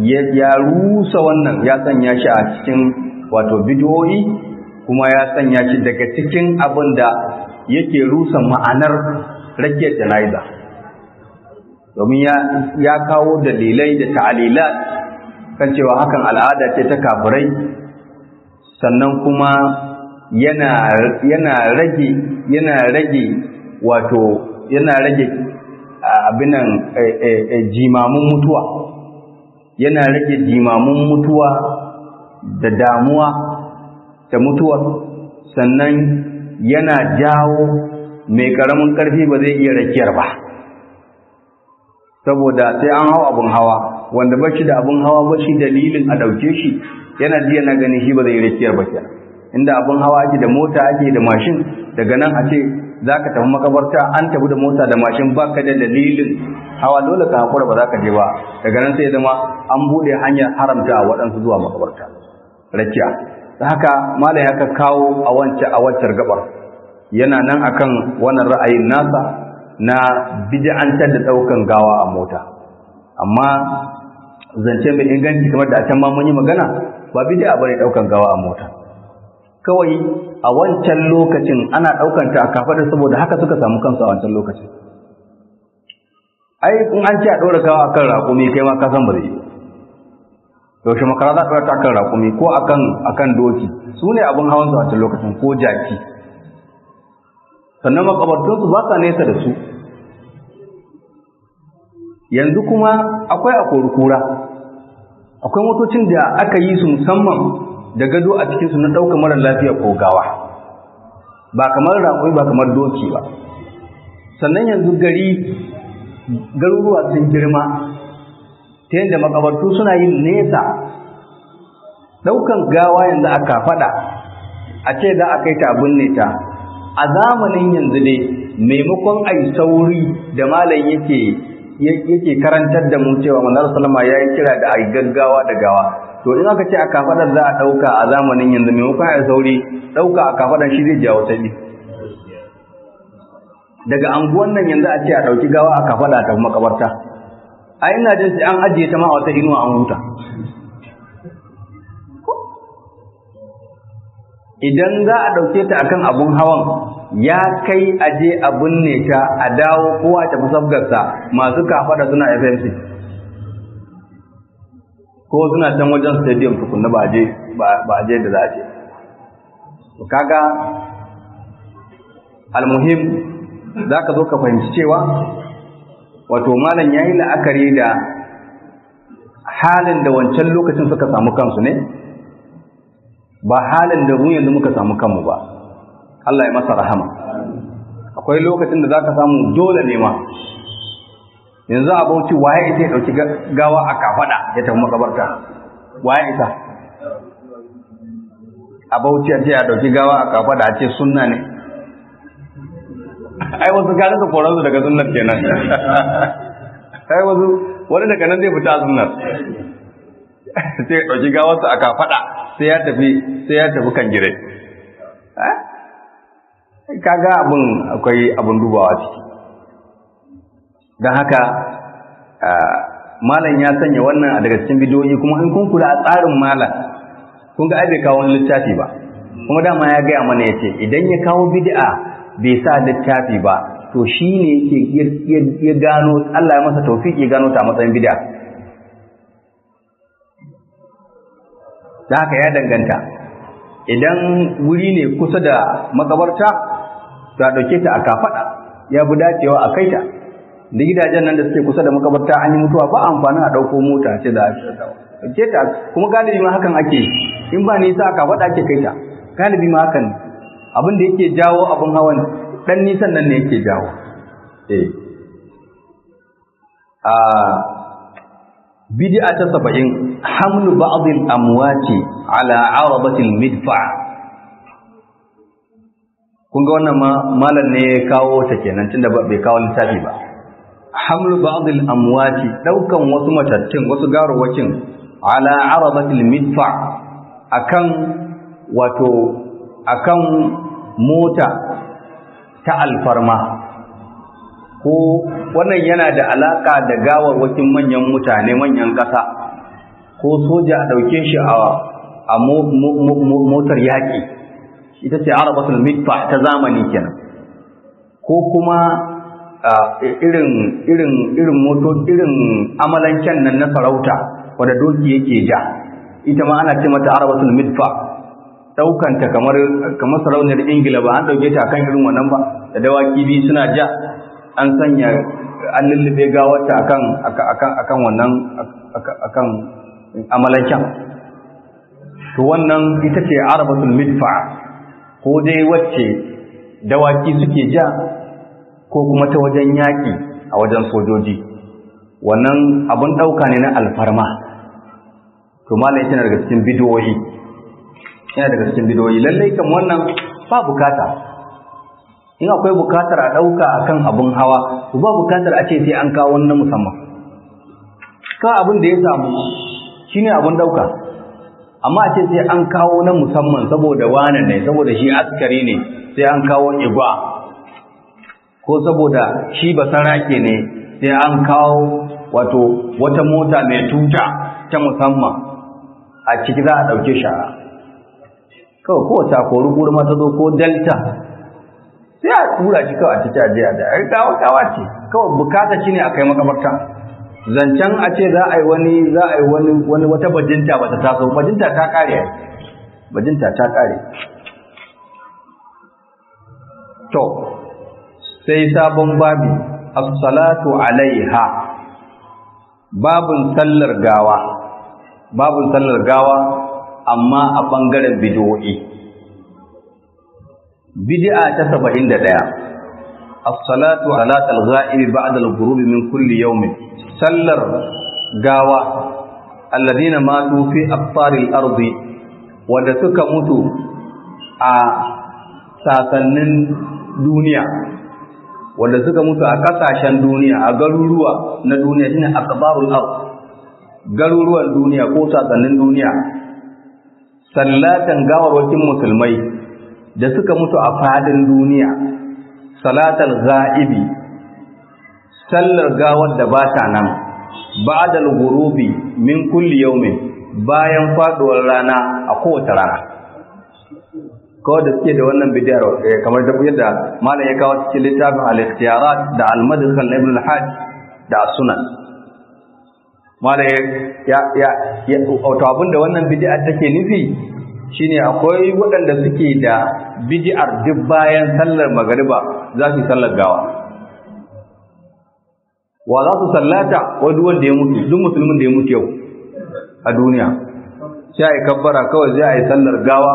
ya rusa wannan ya sanya shi a cikin wato bidiyoyi kuma ya sanya shi daga cikin abin da yake rusa ma'anar rakiyar jana'iza domin ya kawo dalilai da ta'alilai kan cewa hakan al'ada ce ta kafirai sannan kuma yana yana rage yana rage wato yana rage abinan e, e, e, jimamun mutuwa yana rage jimamun mutuwa da damuwa da mutuwa sannan yana jawo mai ƙaramin ƙarfi ba zai iya rakiyar ba saboda sai an hau abin hawa wanda bashi da abin hawa ba shi dalilin a dauke shi yana jiya na gani shi ba zai rakiyar ba kenan inda abin hawa ake da mota ake da mashin daga nan a ce za ka tafi makabarta an tafi da mota da mashin ba ka da dalilin hawa dole ka hakura ba za ka je ba daga nan sai zama an buɗe hanyar haramta a waɗansu zuwa makabarta rakiya ta haka malam ya ka kawo a wance a wancan gabar yana nan akan wannan ra'ayin nasa na bid'antar da ɗaukan gawa a mota amma zance mai inganci kamar da a can ma mun yi magana ba bid'a bane daukan gawa a mota kawai a wancan lokacin ana daukan ta a kafada saboda haka suka samu kansu a wancan lokacin ai in an ce a dora gawa akan raƙumi kai ma ka san ba zai yi yaushe makara za ka ta akan rakumi ko akan akan doki su ne abin hawan su a lokacin ko jaki sannan su ba sa nesa da su yanzu kuma akwai a kura akwai motocin da aka yi su musamman da gado a cikinsu na ɗaukar mara lafiya ko gawa ba kamar raƙoi ba kamar doki ba sannan yanzu gari garuruwa sun girma ta yadda makabartu suna yin nesa ɗaukan gawa yanzu aka kafaɗa a ce za a kai ta binne ta a zamanin yanzu ne maimakon a yi sauri da malam yake yake karantar da mu cewa manzon sallama ya yi kira da a gaggawa da gawa to in aka ce a kafadar za a ɗauka a zamanin yanzu maimakon a sauri ɗauka a kafadar shi zai jawo sabi daga anguwan nan yanzu a ce a ɗauki gawa a kafada ta makabarta a ina jin sai an ajiye ta ma a wata inuwa an huta idan za a ɗauke ta akan abun hawan ya kai aje a binne ta a dawo kowa ta musabgarsa masu kafada suna FMC ko suna can wajen stadium tukunna ba je ba je da za a ce kaga almuhim za ka zo ka fahimci cewa wato malam ya yi la'akari da halin da wancan lokacin suka samu kansu ne ba halin da mu yanzu muka samu kanmu ba Allah ya masa rahama akwai lokacin da zaka samu dole ne ma yanzu a bauchi waye ita ya dauki gawa a kafada ya tafi makabarta waye ita a bauchi a ce ya dauki gawa a kafada a ce sunna ne ai wasu gane su koran su daga sunnar kenan ai wasu wani daga nan zai fita sunnar sai ya dauki gawarsa a kafada sai ya tafi sai ya tafi kan gire eh kaga abin akwai abin dubawa ciki don haka malam ya sanya wannan a daga cikin bidiyoyi kuma in kun kula a tsarin malam kun ga ai bai kawo littafi ba kuma dama ya gaya mana ya ce idan ya kawo bid'a bai sa littafi ba to shi ne ya gano Allah ya masa taufiki ya gano ta matsayin bid'a da haka ya danganta idan wuri ne kusa da makabarta to a ɗauke ta a kafaɗa ya bi dacewa a kai ta da gidajen nan da suke kusa da makabarta an yi mutuwa ba amfani a ɗauko mota ce da ɗauke ta kuma galibi ma hakan ake in ba nisa a kafaɗa ake kai ta galibi ma hakan abin da yake jawo abin hawan ɗan nisan nan ne yake jawo eh a ah, bid'a ta saba'in hamlu ba'dil amwati ala arabatil midfa kun ga wannan ma malam ne ya kawo ta kenan tunda bai kawo littafi ba hamlu ba'dil amwati daukan wasu matattun wasu garuwakin ala arabatil midfa akan wato akan mota ta alfarma ko wannan yana da alaka da gawarwakin manyan mutane manyan ƙasa ko soja a ɗauke shi a motar yaƙi ita ce arabatul mitfa ta zamani kenan ko kuma irin irin irin moto irin amalancen nan na sarauta wanda doki yake ja ita ma ana ce mata arabatul mitfa daukan ta kamar kamar sarauniyar ingila ba an ɗauke ta kan irin wannan ba da dawaki bi suna ja an sanya an lullube gawarta akan akan akan wannan akan amalancan. to wannan ita ce arabatul midfa ko dai wacce dawaki suke ja ko kuma ta wajen yaƙi a wajen sojoji wannan abun ɗauka ne na alfarma to malai tana daga cikin bidoyi yana daga cikin bidoyi lallai kan wannan ba bukata in akwai bukatar a ɗauka a kan abin hawa to ba bukatar a ce sai an kawo wani musamman ka abin da ya samu shine abin ɗauka amma a ce sai an kawo na musamman saboda wani ne saboda shi askari ne sai an kawo igwa ko saboda shi basarake ne sai an kawo wato wata mota mai tuta ta musamman a ciki za a ɗauke shara kawai kowace a kori gurma ta zo ko delta sai a tura shi kawai a ciki a jiya da gawa dawa ce kawai bukata shi ne a kai makamarta zancen a ce za a yi wani za a yi wani wani wata bajinta ba ta taso bajinta ta kare bajinta ta kare to sai sabon babi as-salatu alaiha babun sallar gawa babun sallar gawa amma a bangaren bid'o'i bid'a ta 71 as-salatu salat al-gha'ib ba'da al-ghurub min kulli yawm sallar gawa alladhina matu fi aqtaril ardi wanda suka mutu a sasannin duniya wanda suka mutu a kasashen duniya a garuruwa na duniya shine aqtarul ard garuruwan duniya ko sasannin duniya sallatan gawarwakin musulmai da suka mutu a fadin duniya salatar za'ibi, sallar gawar da ba ta nan ba'adal ghurubi min kulli yawmin bayan faduwar rana a kowace rana kawai da suke da wannan bidiyar eh, kamar da yadda malam ya kawo cikin littafin al-ikhtiyarat da al-madkhal ibn al-hajj da sunan malam ya ya ya wato da wannan bidiyar take nufi ne akwai waɗanda suke da bid'ar duk bayan sallar magariba za su sallar gawa wa za su sallata wani wanda ya mutu duk musulmin da ya mutu yau a duniya sai a yi kabbara kawai zai a yi sallar gawa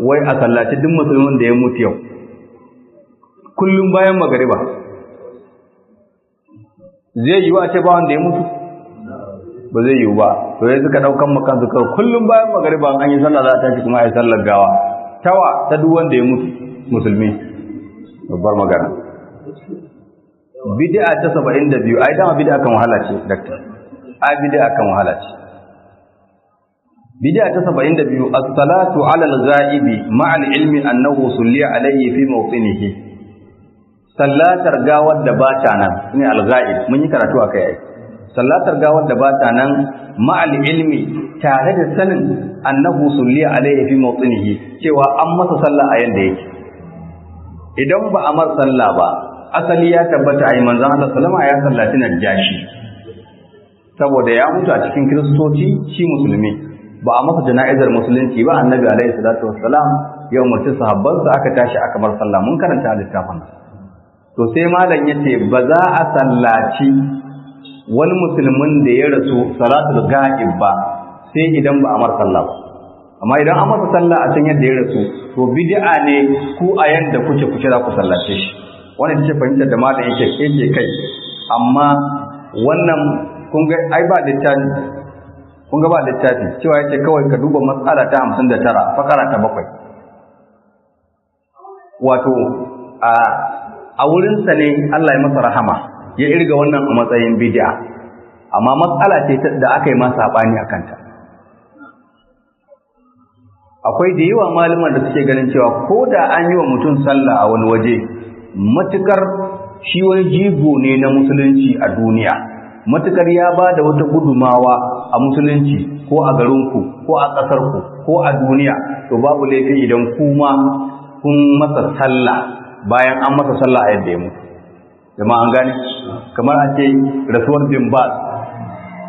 wai a sallaci duk musulmin da ya mutu yau kullum bayan magariba zai yi wa ce ba wanda ya mutu ba zai yiwu ba to yanzu suka daukan maka su kullum bayan magariba an yi sallah za ta ci kuma a yi sallar gawa tawa ta duk wanda ya mutu musulmi babbar magana bid'a ta 72 ai dama bid'a kan wahala ce dakta ai bid'a kan wahala ce bid'a ta 72 as-salatu 'ala al zaibi ma'al ilmi annahu sulliya alayhi fi mawqinihi sallatar gawar da ba ta nan ne al zaib mun yi karatu akai sallatar gawar da ba ta nan ma'al ilmi tare da sanin annahu sulli alayhi fi mawtinihi cewa an masa sallah a yanda yake idan ba a mar sallah ba asali ya tabbata ai manzon Allah sallama ya sallaci jashi. saboda ya mutu a cikin kiristoci shi musulmi ba a masa jana'izar musulunci ba annabi alaihi salatu wassalam ya umarci sahabbansa aka tashi aka mar sallah mun karanta littafin to sai malam yace ba za a sallaci wani musulmin da ya rasu salatul ga'ib ba sai idan ba a sallah ba amma idan an masa sallah a can yadda ya rasu to bid'a ne ku a yanda kuke kuke za ku sallace shi wannan take fahimtar da malam yake yake kai amma wannan kun ga ai ba littafi kun ga ba littafi cewa yake kawai ka duba matsala ta 59 fakara ta bakwai. wato a a wurinsa ne Allah ya masa rahama ya irga wannan a matsayin bid'a amma matsala ce da aka yi masa saɓani a kanta akwai da yawa malaman da suke ganin cewa ko da an yi wa mutum sallah a wani waje matukar shi wani jigo ne na musulunci a duniya matukar ya ba da wata gudumawa a musulunci ko a garinku ko a ƙasarku ko a duniya to babu laifi idan kuma kun masa sallah bayan an masa sallah a yadda ya mutu ma an gane kamar a ce rasuwar bin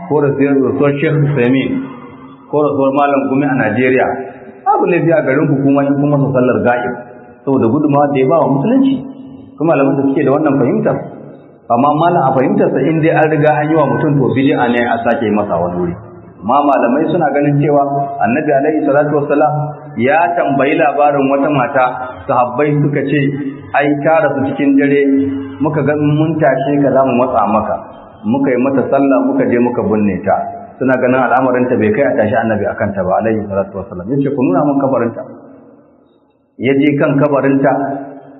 ko rasuwar sheikh sami ko rasuwar malam gumi a najeriya abu ne biya garin hukuma in kuma su sallar ga'ib saboda guduma da ya ba wa musulunci kuma alamun da suke da wannan fahimta amma malam a fahimtarsa in dai an riga an yi wa mutum to a ne a sake masa wani wuri ma malamai suna ganin cewa annabi alaihi salatu wassalam ya tambayi labarin wata mata sahabbai suka ce ai ta rasu cikin dare muka ga mun tashe ka za mu matsa maka muka yi mata sallah muka je muka binne ta suna ganin al'amarinta bai kai a tashi annabi akan ta ba alaihi salatu wasallam yace ku nuna mun kabarinta ya je kan kabarinta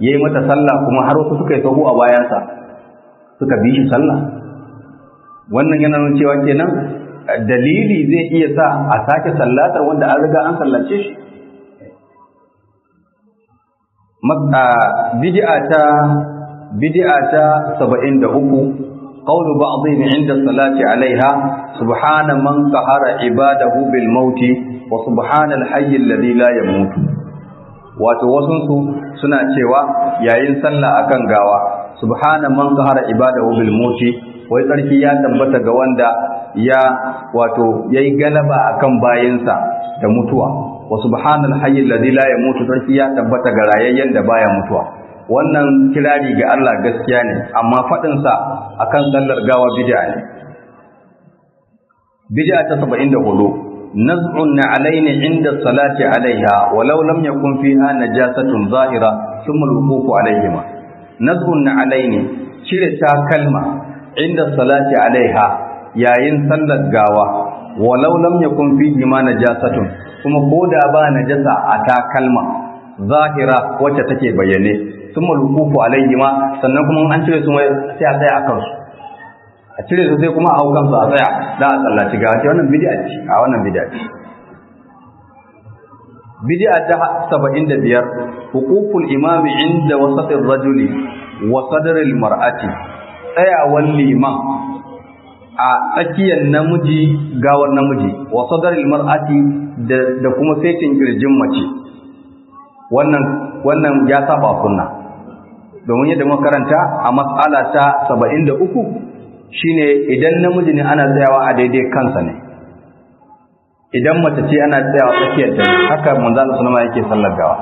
yayi mata sallah kuma har wasu suka yi sahu a bayansa suka bi shi sallah wannan yana nuna cewa kenan dalili zai iya sa a sake sallatar wanda an riga an sallace shi bid'a ta bid'a ta 73 qawlu ba'dhim 'inda salati 'alayha subhana man qahara ibadahu bil mauti wa subhana al hayy alladhi la yamutu wato wasunsu suna cewa yayin sallah akan gawa subhana man qahara ibadahu bil mauti wai Sarki ya tambata ga wanda ya wato yayi galaba akan bayinsa da mutuwa wa al hayy alladhi la yamut sarki ya tabbata ga rayayyen da baya mutuwa wannan kirari ga Allah gaskiya ne amma faɗinsa a kan sallar gawa bid'a ne bid'a ta saba'in da hudu naz'un na alaini inda salati alaiha walau lam yakun fiha najasatun zahira thumma alwuqufu alaihima naz'un na alaini cire ta kalma inda salati alaiha yayin sallar gawa walau lam yakun fiha najasatun kuma koda ba najasa a ta kalma zahira wacce take bayyane sun malukufu alayhi ma sannan kuma an cire su sai a tsaya a kansu a cire su sai kuma a hau kansu a tsaya da a tsallaci ga ce wannan bid'a ce a wannan bid'a ce bid'a ta 75 hukukun imami inda wasatir rajuli wa sadril mar'ati tsayawan liman a tsakiyar namiji gawar namiji wa sadaril mar'ati da kuma saitin kirjin mace wannan wannan ya saba sunna domin yadda muka karanta a mas'ala ta 73 shine idan namiji ne ana tsayawa a daidai kansa ne idan mace ce ana tsayawa tsakiyar ta haka manzo suna ma yake sallar gawa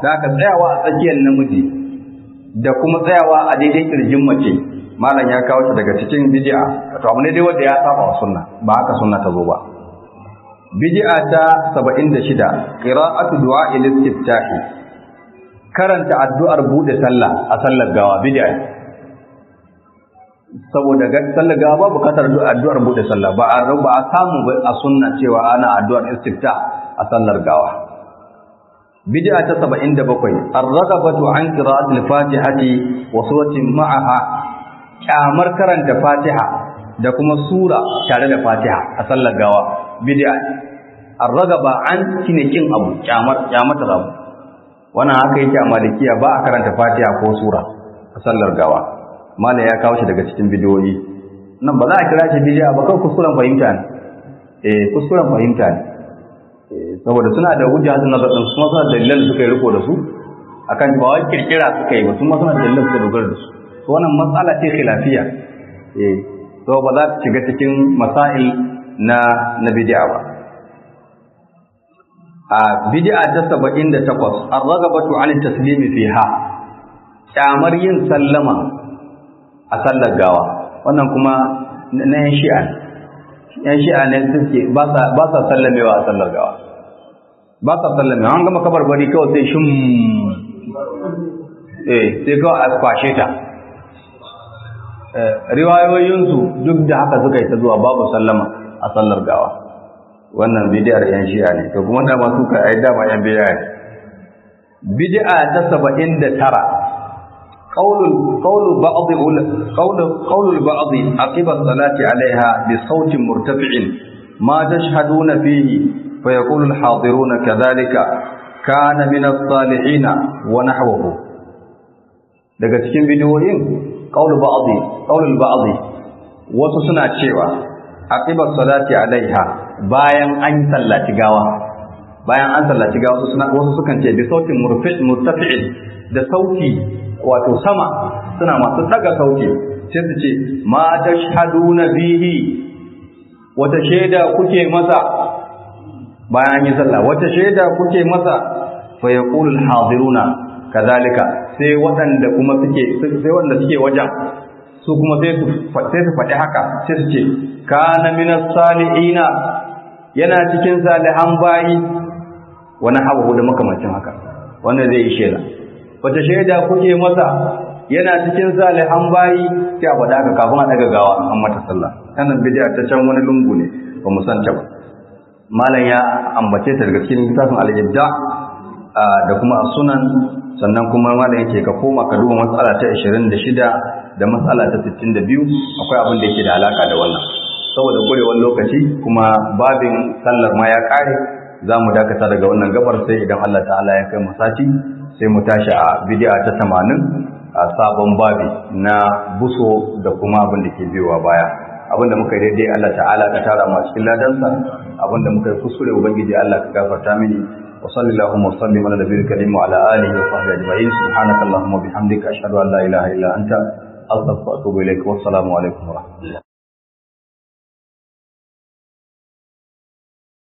da haka tsayawa a tsakiyar namiji da kuma tsayawa a daidai kirjin mace malam ya kawo shi daga cikin bid'a to abu ne dai wanda ya saba wa sunna ba haka sunna ta zo ba bid'a ta 76 qira'atu du'a al-istiftahi karanta addu'ar bude sallah a sallar gawa bid'a saboda ga sallar gawa ba bukatar addu'ar bude sallah ba a ba a samu a sunna cewa ana addu'ar istiftah a sallar gawa bid'a ta 77 ar-ragabatu an qira'atil fatihati wa suratin ma'aha kyamar karanta fatiha da kuma sura tare da fatiha a sallar gawa bid'a ar-ragaba an kine kin abu kyamar ta abu wannan haka yake a malikiya ba a karanta fatiha ko sura a sallar gawa malam ya kawo shi daga cikin bidiyoyi nan ba za a kira shi bid'a ba kan kuskuren fahimta ne eh kuskuren fahimta ne eh, saboda suna da hujja da nazar din kuma suna da dalilan da suka yi riko da su akan ba wai kirkira suka yi ba kuma suna da dalilan suka dogara da su to wannan matsala ce khilafiya eh to ba za ta shiga cikin masail na na bid'a ba a bid'a ta 78 ar-ragabatu 'ala taslimi fiha kyamar yin sallama a sallar gawa wannan kuma na yan shi'a yan shi'a ne suke ba sa ba sa sallamewa a sallar gawa ba sa sallamewa an gama kabarbari kawai sai shim eh sai kawai a kwashe ta eh, riwayoyinsu duk da haka suka yi ta zuwa babu sallama a sallar gawa wannan bid'ar yan shi'a ne to kuma da masu ka ai dama yan ne Bidi'a ta 79 qaulul tara, ba'd qaulu qaulul ba'd aqiba salati 'alayha bi sautin murtafi'in ma tashhaduna fihi fa yaqulu al-hadiruna kadhalika kana min as-salihin wa nahwahu daga cikin bidiyoyin qaulul ba'd qaulul wasu suna cewa aqiba salati alaiha bayan an sallaci gawa bayan an sallaci gawa wasu wasu sukan ce bi sautin murtafi'in da sauti wato sama suna masu daga sauti sai su ce ma tashhaduna bihi wata shaida kuke masa bayan an yi sallah wata shaida kuke masa fa yaqulu al-hadiruna kadhalika sai waɗanda kuma suke sai waɗanda suke wajen su kuma sai su sai su faɗi haka sai su ce kana minas salihina yana cikin salihan bayi wani abu da makamancin haka wannan zai yi shaida wata shaida kuke masa yana cikin salihan bayi sai a faɗa haka kafin a daga gawa an mata sallah kana bid'a ta can wani lungu ne ba mu san ta ba malam ya ambace ta daga cikin littafin al-ibda ah, da kuma sunan sannan kuma malam yake ka koma ka duba matsala ta 26 da matsala ta 62 akwai abin da yake da alaka da wannan saboda gurewar lokaci kuma babin sallar ma ya kare za mu dakata daga wannan gabar sai idan Allah ta'ala ya kai mu sati sai mu tashi a bidi'a ta 80 a sabon babi na buso da kuma abin da ke biyowa baya abin da muka daidai Allah ta'ala ka tara mu cikin ladansa abin da muka yi kuskure ubangiji Allah ka gafarta mini wa sallallahu wa sallim ala nabiyil karim wa ala alihi wa sahbihi ajma'in subhanakallahumma bihamdika ashhadu an la ilaha illa anta أستغفركم إليكم والسلام عليكم ورحمة الله